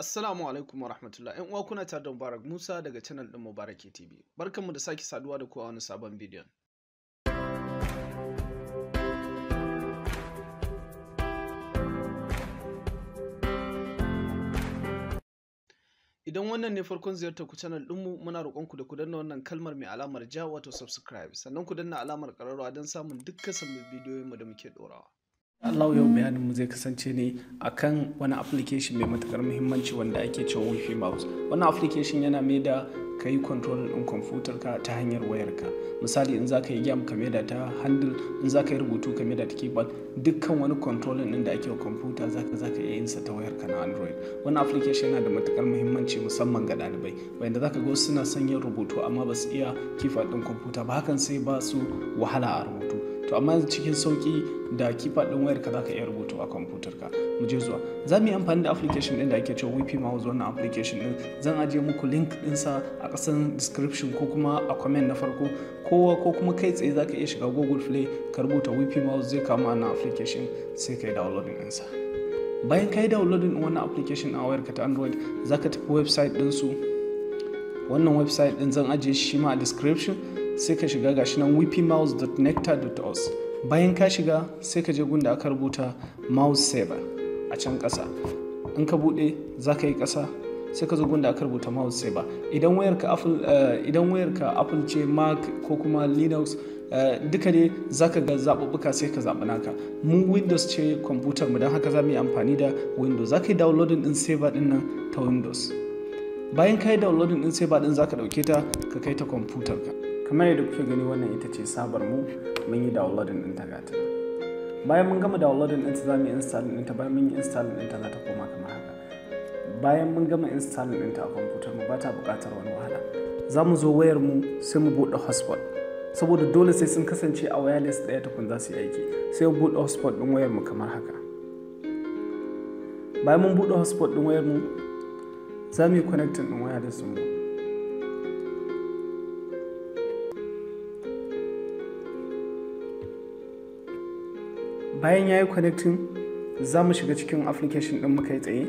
Assalamu alaikum warahmatullahi ‘yan uwa kuna tare da Mubarak Musa daga channel ɗin Mubarak TV. Barkanmu da sake saduwa da kowa wani sabon bidiyon. Idan wannan ne farkon ziyartar ku channel ɗinmu muna roƙonku da ku danna wannan kalmar mai alamar ja wato subscribe sannan ku danna alamar ƙararrawa don samun dukkan sabbin bidiyoyinmu da muke ɗorawa. Allah yau mm. bayaninmu zai kasance ne a kan wani application mai matakar muhimmanci wanda ake cewa wifi mouse wannan application yana mai da ka yi control ɗin kwamfutar ka ta hanyar wayarka misali in za ka yi game kame da ta handle in za ka yi rubutu kame da ta keyboard dukkan wani control ɗin da ake wa kwamfuta za ka za ka iya yin sa ta wayarka na android wani application yana da matakar muhimmanci musamman ga ɗalibai wanda za ka ga suna son yin rubutu amma ba su iya kifa ɗin kwamfuta ba hakan sai ba su wahala a rubutu to amma cikin sauki da ɗin din wayar ka zaka iya rubutu a kwamfutar ka mu je zuwa za mu yi amfani da application din da ake cewa wifi wuzo wannan application din zan ajiye muku link dinsa a kasan description ko kuma a comment na farko kowa ko kuma kai tsaye zaka iya shiga google play ka rubuta wifi wuzo zai kama na application sai yi downloading din bayan ka yi downloading wannan application a wayarka ta android za ka tafi website ɗinsu wannan website ɗin zan ajiye shi ma a description sai ka shiga gashi nan whippymouse.nectar.os bayan ka shiga sai ka je gunda aka rubuta mouse saver a can ƙasa in ka buɗe za ka yi ƙasa sai ka zo gunda aka rubuta mouse saver idan wayarka apple eh, idan wayarka apple ce mac ko kuma linux eh, duka ne za ka ga zaɓuɓɓuka sai ka zaɓi naka mu windows ce kwamfutar mu don haka za mu yi amfani da windows za ka yi downloading din saver din nan ta windows bayan ka yi downloading din saver din za ka ɗauke ta ka kai ta kwamfutarka kamar yadda kuke gani wannan ita ce sabar mu mun yi din ta gata bayan mun gama downloading ɗinta za mu yi installing ta bayan mun yi installing ta za ta koma kamar haka bayan mun gama installing ta a kwamfutar mu ba ta bukatar wani wahala za mu zo wayar mu sai mu buɗe hotspot saboda dole sai sun kasance a wireless daya tukun za su yi aiki sai mu buɗe hotspot ɗin wayar mu kamar haka bayan mun buɗe hotspot ɗin wayar mu za mu yi connecting ɗin waya da su mu bayan ya yi connecting za mu shiga cikin application din mu kai tsaye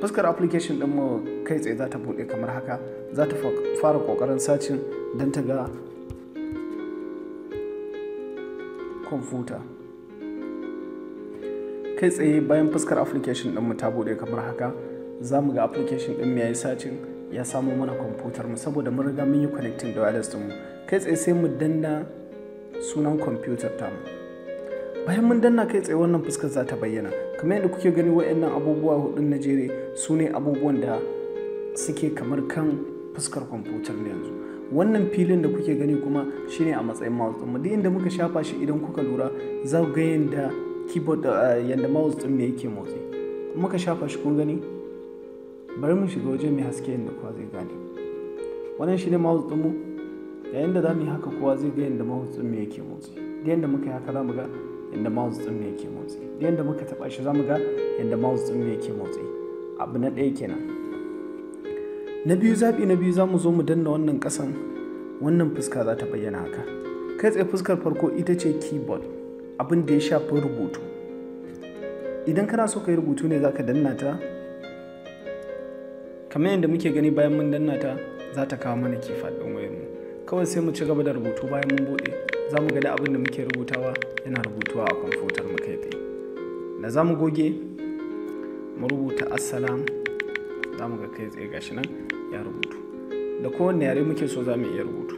fuskar application din mu kai tsaye za ta bude kamar haka za ta fara kokarin sacin don ta ga computer. kai tsaye bayan fuskar application din mu ta bude kamar haka za mu ga application din mu ya yi sacin ya samo mana kwamfutar mu saboda mun riga mun yi connecting da wireless din mu kai tsaye sai mu danna sunan kwamfutar tamu bayan mun danna kai tsaye wannan fuskar za ta bayyana kamar yadda kuke gani wa'annan abubuwa hudun na jere su ne abubuwan da suke kamar kan fuskar kwamfutar na yanzu wannan filin da kuke gani kuma shine a matsayin mouse din duk inda muka shafa shi idan kuka lura za ku ga yanda keyboard eh, yadda mouse din ne yake motsi muka shafa shi kun gani bari mu shiga waje mai haske inda kowa zai gane wannan shine mouse mu. yayin da zamu mu yi haka kowa zai ga yadda mahautsin ya yake motsi da yadda muka yi haka za ga yadda mahautsin ya yake motsi da yadda muka taɓa shi za ga yadda mahautsin ya yake motsi abu na ɗaya kenan na biyu zaɓi na biyu zamu zo mu danna wannan ƙasan wannan fuska za ta bayyana haka kai tsaye fuskar farko ita ce keyboard abin da ya shafi rubutu idan kana so ka yi rubutu ne za ka danna ta kamar yadda muke gani bayan mun danna ta za ta kawo mana kifa ɗin wayarmu kawai sai mu ci gaba da rubutu bayan mun bude za mu gani abin da muke rubutawa yana rubutuwa a kwamfutar mu kai tsaye da za mu goge mu rubuta assalam za mu ga kai tsaye gashi nan ya rubutu da kowanne yare muke so za mu iya rubutu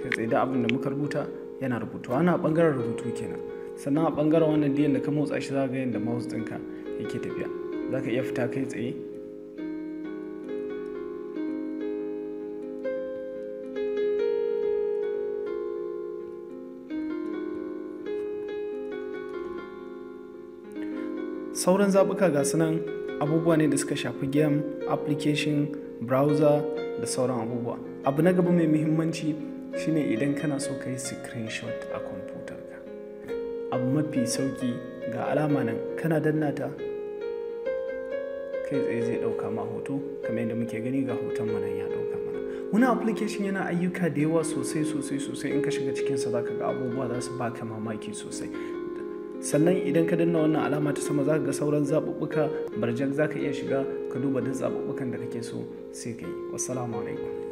kai tsaye da abin da muka rubuta yana rubutuwa ana bangaren rubutu kenan sannan a bangaren wannan diyan da ka motsa shi za ga yadda mouse dinka yake tafiya za ka iya fita kai tsaye sauran zaɓuka ga sunan abubuwa ne da suka shafi game application browser da sauran abubuwa abu na gaba mai muhimmanci shine idan kana so ka yi screenshot a kwamfutar ka abu mafi sauki ga alama nan kana danna ta kai tsaye zai ɗauka ma hoto kamar yadda muke gani ga hoton nan ya ɗauka mana wani application yana ayyuka da yawa sosai sosai sosai in ka shiga cikinsa zaka ga abubuwa za su baka mamaki sosai sannan idan ka danna wannan alama ta sama za ka ga sauran zaɓuɓɓuka barjak za ka iya shiga ka duba duk zaɓuɓɓukan da kake so sai ka yi alaikum